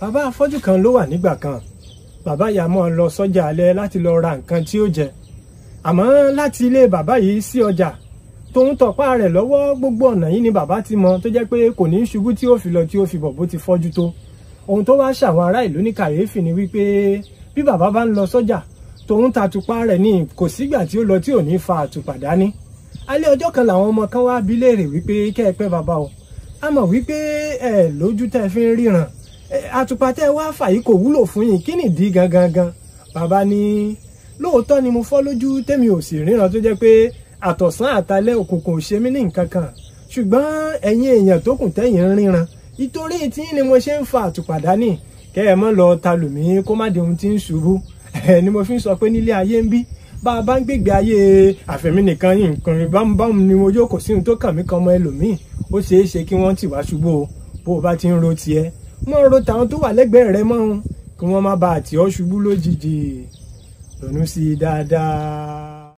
bàbá afọ́jú kan ló wà nígbà kan bàbá yà mọ́ lọ sọ́jà alẹ́ láti lọ ra nǹkan tí ó jẹ àmọ́ láti ilé bàbá yìí sí ọjà tòun tọ̀pá rẹ̀ lọ́wọ́ gbogbo ọ̀nà yìí ni bàbá ti mọ tó jẹ́ pé kò ní ṣubú tí ó fi lọ tí ó fi bọ̀ bó ti fọ́jú tó ohun tó wá ṣàwọn ará ìlú ní kàyéfì ni wípé bí bàbá bá ń lọ sọ́jà tòun tàtùpá rẹ̀ ni kò sígbà tí ó lọ tí ò ní fa àtùpà dání alẹ́ ọjọ́ kan làwọn ọmọ kan wá bí léèrè wípé kẹ́ ẹ pẹ́ bàbá o a mọ̀ wípé ẹ lójú tẹ́ fi ń ríran àtùpà tẹ́ wá fà yìí kò wúlò fún yín kí nìdí gangan gan bàbá ni lóòótọ́ ni mo fọ́ lójú tèmi ò sì ríran tó jẹ́ pé àtọ̀sán àtalẹ́ òkùnkùn ò ṣe mí ní nǹkan kan ṣùgbọ́n ẹ̀yin èèyàn tó kùn tẹ́yìn ń ríran ìtorí tí ni mo ṣe ń fa àtùpà dání kẹ́ ẹ mọ́ lọ ta lùmí kó má di ohun tí ń ṣubú ni mo fi ń sọ pé nílé ayé ń bí bá a bá ń gbègbè ayé àfẹ̀mí nìkan yìí nǹkan bámúbámú ni mo yóò kò sí ohun tó kàn mí kan ọmọ ẹlòmíì ó ṣeé ṣe kí wọ́n tì wá ṣubú o bó o bá ti ń ro tiẹ̀ mọ́ ro tàwọn tó wà lẹ́gbẹ̀ẹ́ rẹ mọ́ kí wọ́n má bàa tì ọ́ ṣubú lójijì ronú sí dáadáa.